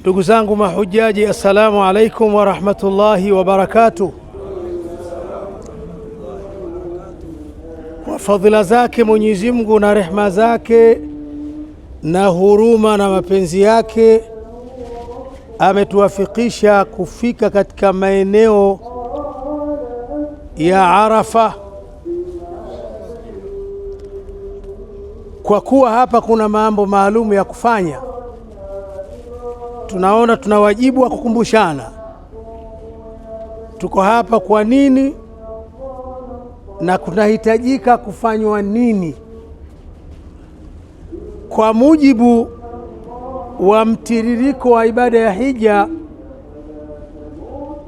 Ndugu zangu mahujaji, assalamu alaikum wa rahmatullahi wa Kwa fadhila zake Mwenyezi Mungu na rehma zake na huruma na mapenzi yake ametuwafikisha kufika katika maeneo ya Arafa. Kwa kuwa hapa kuna mambo maalum ya kufanya tunaona tuna wajibu wa kukumbushana tuko hapa kwa nini na kunahitajika kufanywa nini kwa mujibu wa mtiririko wa ibada ya hija.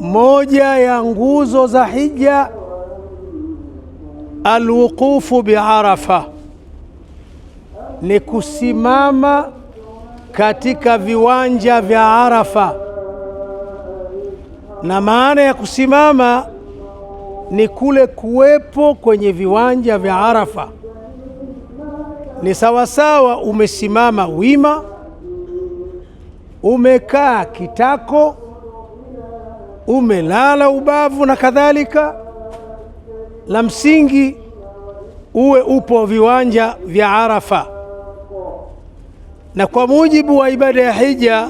Moja ya nguzo za hija alwuqufu biarafa, ni kusimama katika viwanja vya Arafa, na maana ya kusimama ni kule kuwepo kwenye viwanja vya Arafa. Ni sawasawa umesimama wima, umekaa kitako, umelala ubavu na kadhalika. La msingi uwe upo viwanja vya Arafa. Na kwa mujibu wa ibada ya hija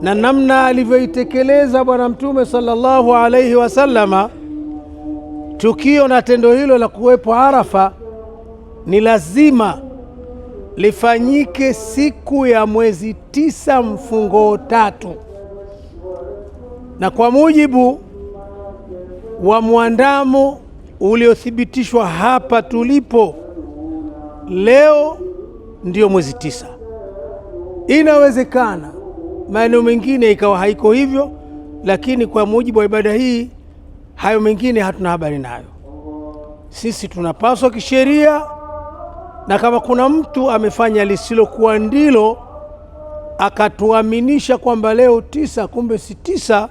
na namna alivyoitekeleza Bwana Mtume sallallahu alaihi wasallama, tukio na tendo hilo la kuwepo Arafa ni lazima lifanyike siku ya mwezi tisa mfungo tatu, na kwa mujibu wa mwandamo uliothibitishwa hapa tulipo leo ndiyo mwezi tisa. Inawezekana maeneo mengine ikawa haiko hivyo, lakini kwa mujibu wa ibada hii, hayo mengine hatuna habari nayo. Sisi tunapaswa kisheria, na kama kuna mtu amefanya lisilokuwa ndilo akatuaminisha kwamba leo tisa, kumbe si tisa,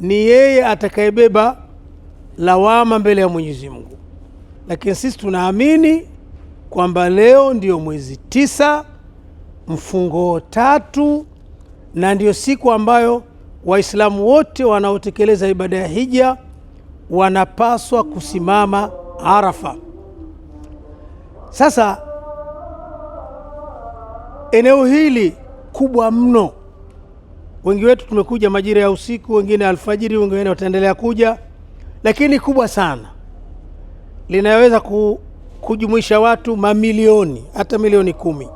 ni yeye atakayebeba lawama mbele ya Mwenyezi Mungu. Lakini sisi tunaamini kwamba leo ndiyo mwezi tisa mfungo tatu na ndiyo siku ambayo Waislamu wote wanaotekeleza ibada ya hija wanapaswa kusimama Arafa. Sasa eneo hili kubwa mno, wengi wetu tumekuja majira ya usiku, wengine alfajiri, wengine wataendelea kuja, lakini kubwa sana linaweza ku kujumuisha watu mamilioni, hata milioni kumi.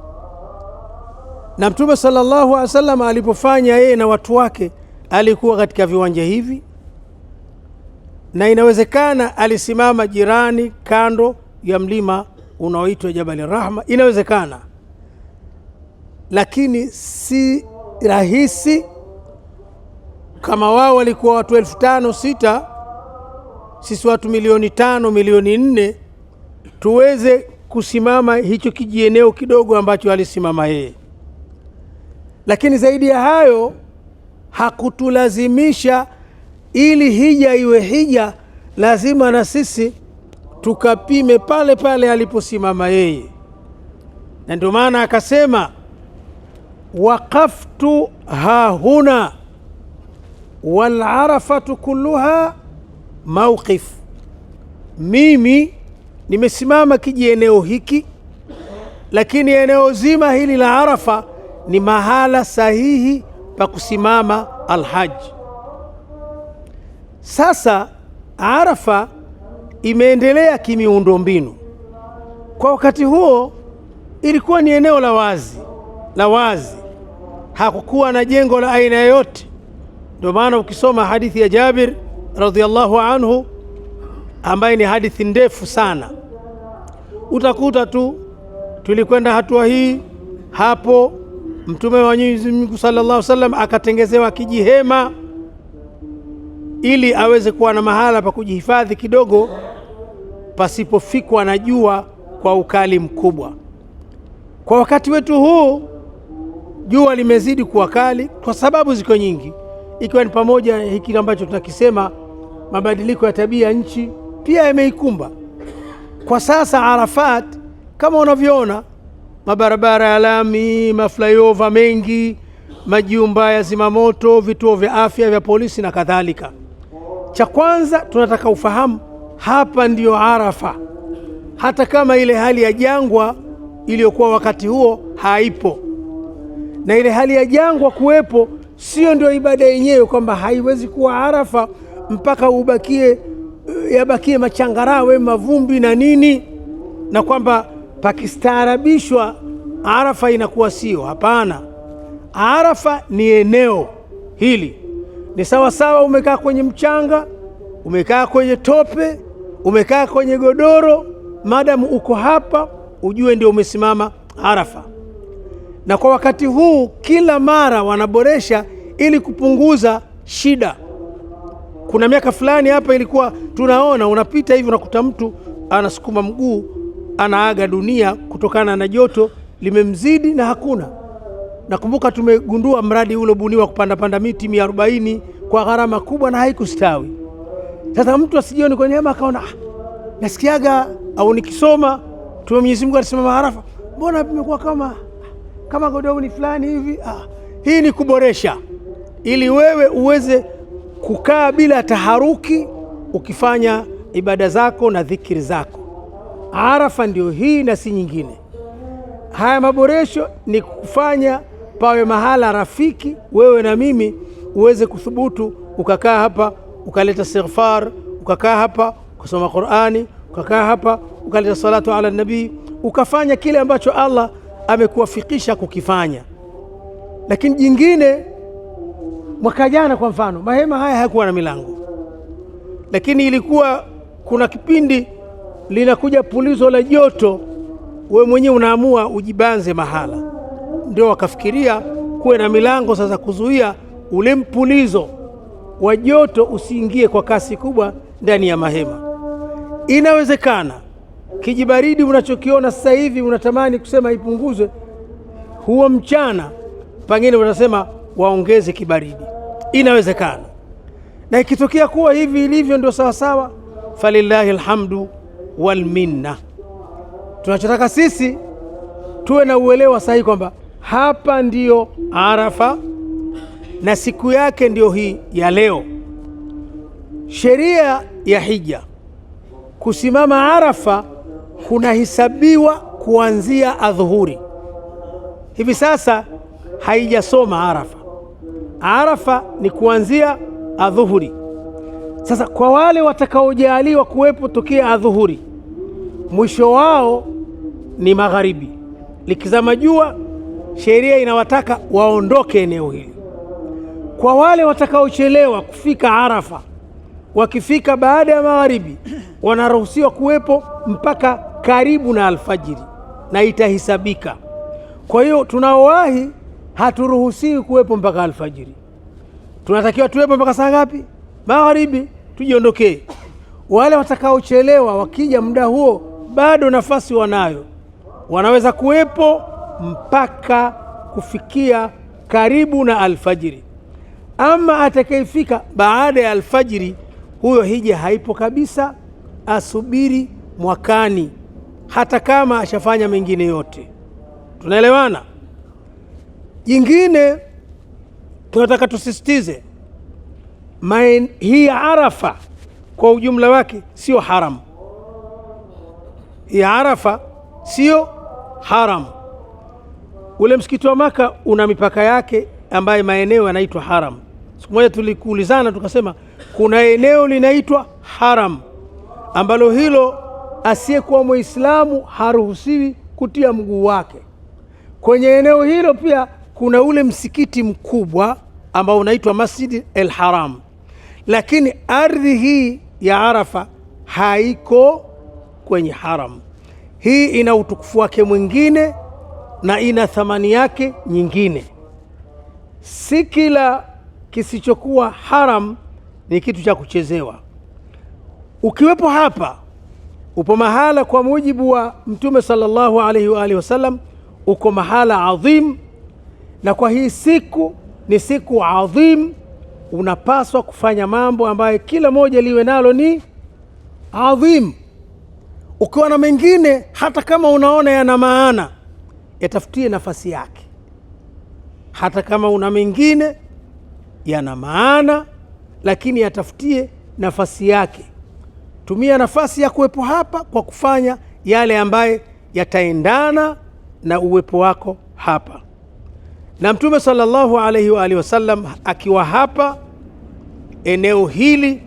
Na Mtume sallallahu alaihi wasallam alipofanya yeye na watu wake, alikuwa katika viwanja hivi, na inawezekana alisimama jirani, kando ya mlima unaoitwa Jabali Rahma, inawezekana, lakini si rahisi kama wao walikuwa watu elfu tano sita, sisi watu milioni tano milioni nne tuweze kusimama hicho kijieneo kidogo ambacho alisimama yeye. Lakini zaidi ya hayo hakutulazimisha ili hija iwe hija, lazima na sisi tukapime pale pale aliposimama yeye, na ndio maana akasema waqaftu hahuna walarafatu kulluha mauqif, mimi nimesimama kiji eneo hiki, lakini eneo zima hili la Arafa ni mahala sahihi pa kusimama alhaji. Sasa Arafa imeendelea kimiundo mbinu kwa wakati huo ilikuwa ni eneo la wazi la wazi, hakukuwa na jengo la aina yoyote. Ndio maana ukisoma hadithi ya Jabir radhiallahu anhu ambaye ni hadithi ndefu sana utakuta tu tulikwenda hatua hii hapo Mtume wa Mwenyezi Mungu sallallahu alaihi wasallam akatengezewa kijihema ili aweze kuwa na mahala pa kujihifadhi kidogo, pasipofikwa na jua kwa ukali mkubwa. Kwa wakati wetu huu jua limezidi kuwa kali kwa sababu ziko nyingi, ikiwa ni pamoja hiki ambacho tunakisema, mabadiliko ya tabia ya nchi pia yameikumba. Kwa sasa Arafat kama unavyoona mabarabara ya lami, maflyova mengi, majumba ya zimamoto, vituo vya afya vya polisi na kadhalika. Cha kwanza tunataka ufahamu, hapa ndiyo Arafa. Hata kama ile hali ya jangwa iliyokuwa wakati huo haipo, na ile hali ya jangwa kuwepo, sio ndio ibada yenyewe, kwamba haiwezi kuwa Arafa mpaka ubakie Eh, yabakie machangarawe, mavumbi na nini, na kwamba pakistaarabishwa Arafa inakuwa sio. Hapana, Arafa ni eneo hili, ni sawasawa umekaa kwenye mchanga, umekaa kwenye tope, umekaa kwenye godoro, madamu uko hapa ujue ndio umesimama Arafa. Na kwa wakati huu kila mara wanaboresha ili kupunguza shida. Kuna miaka fulani hapa ilikuwa tunaona unapita hivi unakuta mtu anasukuma mguu anaaga dunia kutokana na joto limemzidi na hakuna. Nakumbuka tumegundua mradi kupanda kupandapanda miti mia arobaini kwa gharama kubwa na haikustawi. Sasa mtu asijioni kwa neema akaona, ah, nasikiaga au nikisoma tume Mwenyezi Mungu alisema maarafa, mbona vimekuwa kama kama godauni fulani hivi. Ah, hii ni kuboresha ili wewe uweze kukaa bila taharuki ukifanya ibada zako na dhikiri zako. Arafa ndio hii na si nyingine. Haya maboresho ni kufanya pawe mahala rafiki wewe na mimi uweze kuthubutu, ukakaa hapa ukaleta istighfar, ukakaa hapa ukasoma Qur'ani, ukakaa hapa ukaleta salatu ala nabii, ukafanya kile ambacho Allah amekuwafikisha kukifanya, lakini jingine Mwaka jana kwa mfano, mahema haya hayakuwa na milango, lakini ilikuwa kuna kipindi linakuja pulizo la joto, we mwenyewe unaamua ujibanze mahala, ndio wakafikiria kuwe na milango sasa, kuzuia ule mpulizo wa joto usiingie kwa kasi kubwa ndani ya mahema. Inawezekana kijibaridi unachokiona sasa hivi unatamani kusema ipunguzwe, huo mchana pengine unasema waongeze kibaridi, inawezekana. Na ikitokea kuwa hivi ilivyo ndio sawasawa, falillahi alhamdu walminna. Tunachotaka sisi tuwe na uelewa sahihi kwamba hapa ndiyo Arafa na siku yake ndiyo hii ya leo. Sheria ya hija, kusimama Arafa kunahesabiwa kuanzia adhuhuri. Hivi sasa haijasoma Arafa Arafa ni kuanzia adhuhuri. Sasa kwa wale watakaojaliwa kuwepo tokea adhuhuri, mwisho wao ni magharibi, likizama jua, sheria inawataka waondoke eneo hili. Kwa wale watakaochelewa kufika Arafa, wakifika baada ya magharibi, wanaruhusiwa kuwepo mpaka karibu na alfajiri na itahisabika. Kwa hiyo tunaowahi haturuhusiwi kuwepo mpaka alfajiri, tunatakiwa tuwepo mpaka saa ngapi? Magharibi tujiondokee. Wale watakaochelewa wakija muda huo, bado nafasi wanayo, wanaweza kuwepo mpaka kufikia karibu na alfajiri. Ama atakayefika baada ya alfajiri, huyo hija haipo kabisa, asubiri mwakani, hata kama ashafanya mengine yote. Tunaelewana? Jingine tunataka tusisitize main, hii Arafa kwa ujumla wake sio haram. Hii Arafa sio haram. Ule msikiti wa Maka una mipaka yake ambaye maeneo yanaitwa haram. Siku moja tulikuulizana tukasema kuna eneo linaitwa haram ambalo hilo asiyekuwa Muislamu haruhusiwi kutia mguu wake kwenye eneo hilo. Pia kuna ule msikiti mkubwa ambao unaitwa Masjid El Haram, lakini ardhi hii ya Arafa haiko kwenye haram. Hii ina utukufu wake mwingine na ina thamani yake nyingine. Si kila kisichokuwa haram ni kitu cha kuchezewa. Ukiwepo hapa, upo mahala kwa mujibu wa Mtume sallallahu alaihi wa alihi wasallam, uko mahala adhim na kwa hii siku ni siku adhim, unapaswa kufanya mambo ambayo kila moja liwe nalo ni adhim. Ukiwa na mengine hata kama unaona yana maana, yatafutie nafasi yake. Hata kama una mengine yana maana, lakini yatafutie nafasi yake. Tumia nafasi ya kuwepo hapa kwa kufanya yale ambaye yataendana na uwepo wako hapa na Mtume sallallahu alaihi wa alihi wasallam akiwa hapa eneo hili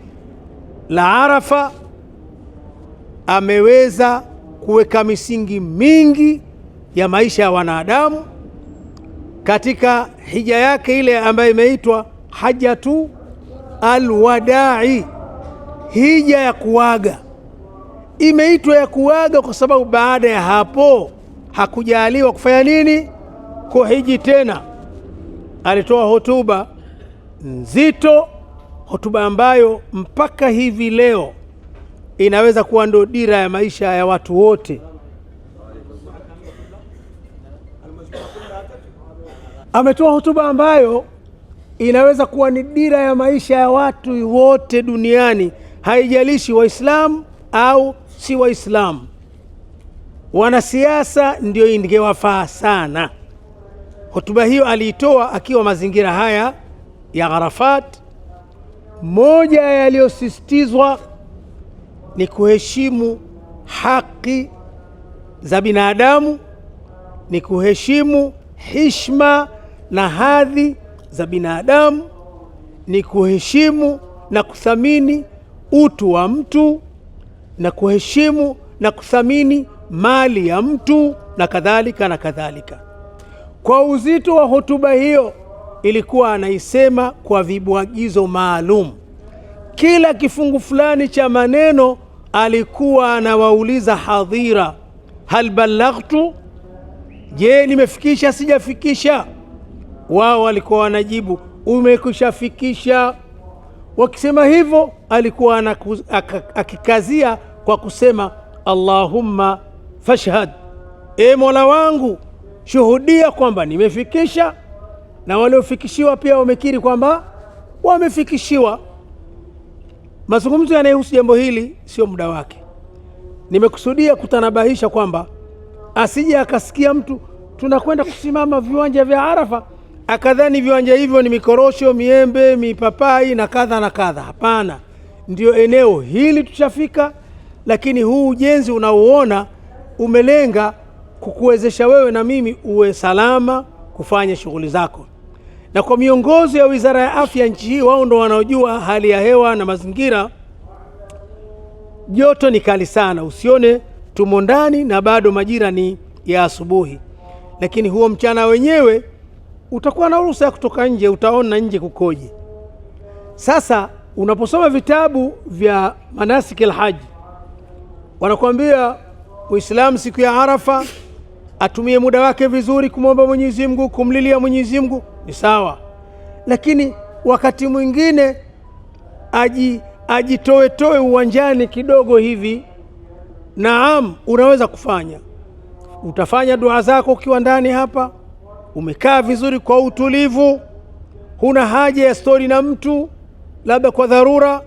la Arafa ameweza kuweka misingi mingi ya maisha ya wanadamu katika hija yake ile ambayo imeitwa hajatu alwadai, hija ya kuaga. Imeitwa ya kuaga kwa sababu baada ya hapo hakujaliwa kufanya nini? kuhiji tena. Alitoa hotuba nzito, hotuba ambayo mpaka hivi leo inaweza kuwa ndio dira ya maisha ya watu wote. Ametoa hotuba ambayo inaweza kuwa ni dira ya maisha ya watu wote duniani, haijalishi Waislamu au si Waislamu. Wanasiasa ndio ingewafaa sana. Hotuba hiyo aliitoa akiwa mazingira haya ya Arafat. Moja yaliyosisitizwa ni kuheshimu haki za binadamu, ni kuheshimu hishma na hadhi za binadamu, ni kuheshimu na kuthamini utu wa mtu, na kuheshimu na kuthamini mali ya mtu, na kadhalika na kadhalika. Kwa uzito wa hotuba hiyo, ilikuwa anaisema kwa vibwagizo maalum. Kila kifungu fulani cha maneno alikuwa anawauliza hadhira, hal balaghtu, je, nimefikisha sijafikisha? Wao walikuwa wanajibu umekwishafikisha. Wakisema hivyo, alikuwa akikazia kwa kusema allahumma fashhad, e mola wangu shuhudia kwamba nimefikisha, na waliofikishiwa pia wamekiri kwamba wamefikishiwa. Mazungumzo yanayohusu jambo hili sio muda wake. Nimekusudia kutanabahisha kwamba asije akasikia mtu tunakwenda kusimama viwanja vya Arafa akadhani viwanja hivyo ni mikorosho, miembe, mipapai na kadha na kadha. Hapana, ndio eneo hili tushafika, lakini huu ujenzi unaoona umelenga kukuwezesha wewe na mimi uwe salama kufanya shughuli zako. Na kwa miongozo ya Wizara ya Afya nchi hii, wao ndo wanaojua hali ya hewa na mazingira. Joto ni kali sana, usione tumo ndani na bado majira ni ya asubuhi, lakini huo mchana wenyewe utakuwa na ruhusa ya kutoka nje, utaona nje kukoje. Sasa unaposoma vitabu vya manasiki alhaji, wanakuambia Uislamu siku ya Arafa atumie muda wake vizuri kumwomba Mwenyezi Mungu, kumlilia Mwenyezi Mungu ni sawa, lakini wakati mwingine aji toe uwanjani kidogo hivi. Naam, unaweza kufanya, utafanya dua zako ukiwa ndani hapa, umekaa vizuri kwa utulivu, huna haja ya stori na mtu, labda kwa dharura,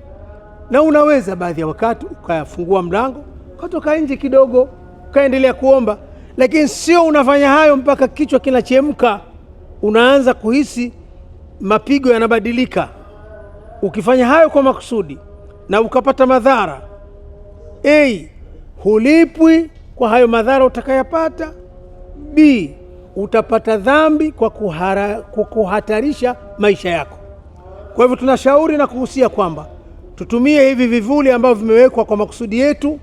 na unaweza baadhi ya wakati ukafungua mlango ukatoka nje kidogo ukaendelea kuomba lakini sio unafanya hayo mpaka kichwa kinachemka, unaanza kuhisi mapigo yanabadilika. Ukifanya hayo kwa makusudi na ukapata madhara A, hulipwi kwa hayo madhara utakayapata. B, utapata dhambi kwa kuhara, kuhatarisha maisha yako. Kwa hivyo tunashauri na kuhusia kwamba tutumie hivi vivuli ambavyo vimewekwa kwa makusudi yetu,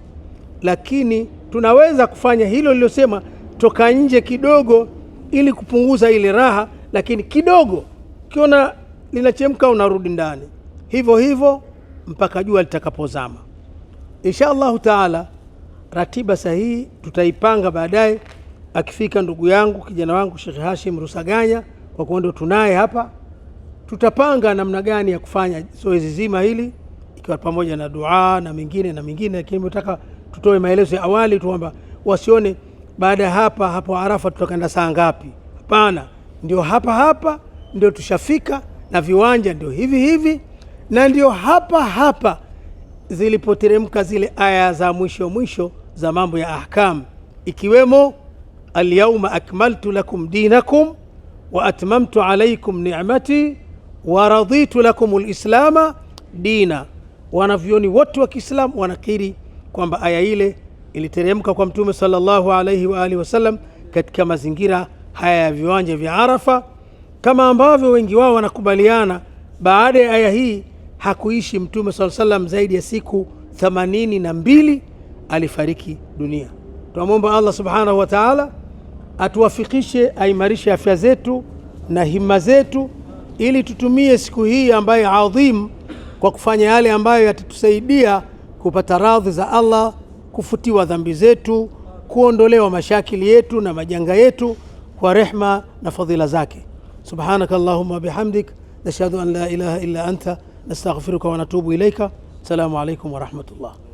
lakini tunaweza kufanya hilo lilosema toka nje kidogo, ili kupunguza ile raha, lakini kidogo ukiona linachemka unarudi ndani, hivyo hivyo mpaka jua litakapozama. Insha allahu taala, ratiba sahihi tutaipanga baadaye akifika ndugu yangu kijana wangu Sheikh Hashim Rusaganya, kwa kuwa ndio tunaye hapa, tutapanga namna gani ya kufanya zoezi zima hili, ikiwa pamoja na dua na mingine na mingine lakini nataka tutoe maelezo ya awali tu kwamba wasione baada ya hapa hapo Arafa tutakaenda saa ngapi. Hapana, ndio hapa hapa ndio tushafika, na viwanja ndio hivi hivi, na ndio hapa hapa zilipoteremka zile aya za mwisho mwisho za mambo ya ahkam, ikiwemo alyauma akmaltu lakum dinakum wa atmamtu alaikum ni'mati wa raditu lakum lislama dina. Wanavyoni wote wa Kiislamu wanakiri kwamba aya ile iliteremka kwa Mtume sallallahu alaihi wa alihi wasallam katika mazingira haya ya viwanja vya Arafa, kama ambavyo wengi wao wanakubaliana. Baada ya aya hii hakuishi Mtume sallallahu alaihi wasallam zaidi ya siku themanini na mbili, alifariki dunia. Tunamwomba Allah subhanahu wa taala atuwafikishe, aimarishe afya zetu na himma zetu, ili tutumie siku hii ambayo adhim kwa kufanya yale ambayo yatatusaidia kupata radhi za Allah, kufutiwa dhambi zetu, kuondolewa mashakili yetu na majanga yetu kwa rehma na fadhila zake. Subhanaka Allahumma bihamdik nashhadu an la ilaha illa anta nastaghfiruka wa natubu ilaika. Assalamu alaikum wa rahmatullah.